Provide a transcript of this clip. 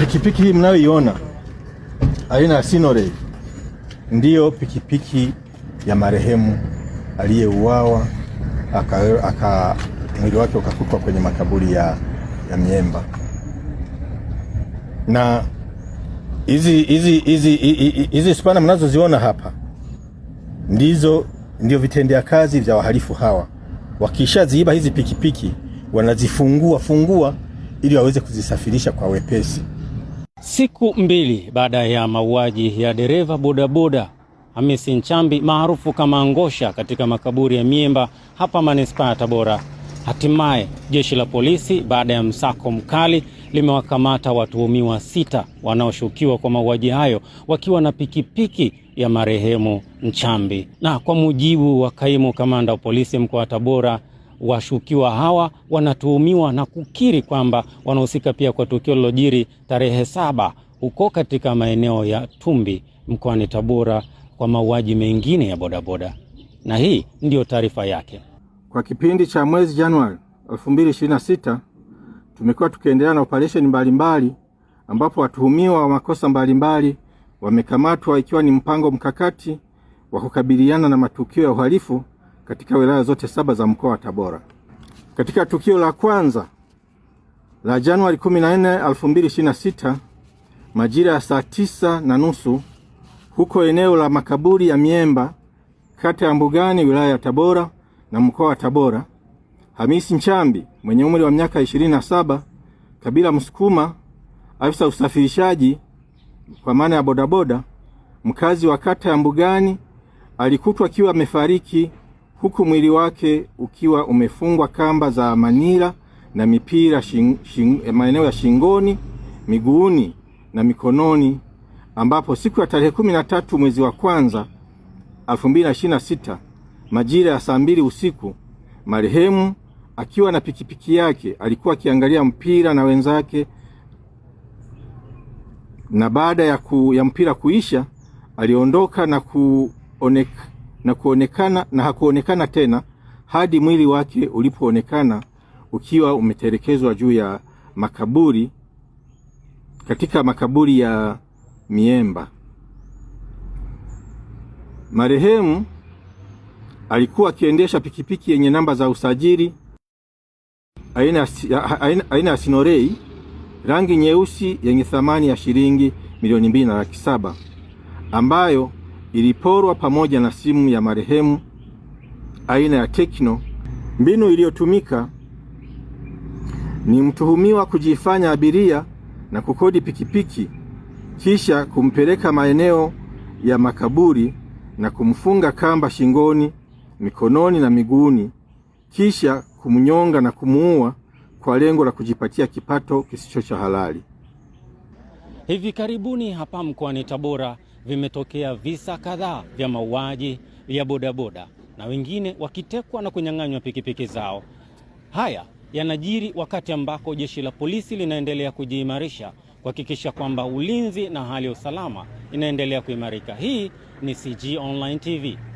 Pikipiki hii mnayoiona aina ya Sinore ndiyo pikipiki ya marehemu aliyeuawa aka mwili wake ukakutwa kwenye makaburi ya, ya Myemba na hizi hizi hizi hizi spana mnazoziona hapa ndizo ndio vitendea kazi vya wahalifu hawa. Wakishaziiba hizi pikipiki wanazifungua fungua ili waweze kuzisafirisha kwa wepesi. Siku mbili baada ya mauaji ya dereva bodaboda Hamisi Nchambi maarufu kama Ngosha katika makaburi ya Miemba hapa manispaa ya Tabora, hatimaye jeshi la polisi baada ya msako mkali limewakamata watuhumiwa sita wanaoshukiwa kwa mauaji hayo wakiwa na pikipiki ya marehemu Nchambi. Na kwa mujibu wa kaimu kamanda wa polisi mkoa wa Tabora washukiwa hawa wanatuhumiwa na kukiri kwamba wanahusika pia kwa tukio lilojiri tarehe saba huko katika maeneo ya Tumbi mkoani Tabora kwa mauaji mengine ya bodaboda, na hii ndiyo taarifa yake. Kwa kipindi cha mwezi Januari 2026 tumekuwa tukiendelea na operesheni mbalimbali ambapo watuhumiwa wa makosa mbalimbali wamekamatwa, ikiwa ni mpango mkakati wa kukabiliana na matukio ya uhalifu katika wilaya zote saba za mkoa wa Tabora. Katika tukio la kwanza la Januari 14, 2026 majira ya saa tisa na nusu huko eneo la makaburi ya Miemba kata ya Mbugani wilaya ya Tabora na mkoa wa Tabora, Hamisi Nchambi mwenye umri wa miaka 27, kabila Msukuma, afisa usafirishaji kwa maana ya bodaboda, mkazi wa kata ya Mbugani alikutwa akiwa amefariki huku mwili wake ukiwa umefungwa kamba za manila na mipira shing, shing, eh, maeneo ya shingoni, miguuni na mikononi, ambapo siku ya tarehe kumi na tatu mwezi wa kwanza 2026 majira ya saa mbili usiku marehemu akiwa na pikipiki yake alikuwa akiangalia mpira na wenzake, na baada ya, ku, ya mpira kuisha aliondoka na kuonekana na, kuonekana, na hakuonekana tena hadi mwili wake ulipoonekana ukiwa umetelekezwa juu ya makaburi katika makaburi ya miemba. Marehemu alikuwa akiendesha pikipiki yenye namba za usajili aina, aina, aina ya Sinorei rangi nyeusi yenye thamani ya shilingi milioni mbili na laki saba ambayo iliporwa pamoja na simu ya marehemu aina ya Tekno. Mbinu iliyotumika ni mtuhumiwa kujifanya abiria na kukodi pikipiki kisha kumpeleka maeneo ya makaburi na kumfunga kamba shingoni, mikononi na miguuni, kisha kumnyonga na kumuua kwa lengo la kujipatia kipato kisicho cha halali. Hivi karibuni hapa mkoani Tabora vimetokea visa kadhaa vya mauaji ya bodaboda na wengine wakitekwa na kunyang'anywa pikipiki zao. Haya yanajiri wakati ambako jeshi la polisi linaendelea kujiimarisha kuhakikisha kwamba ulinzi na hali ya usalama inaendelea kuimarika. Hii ni CG Online TV.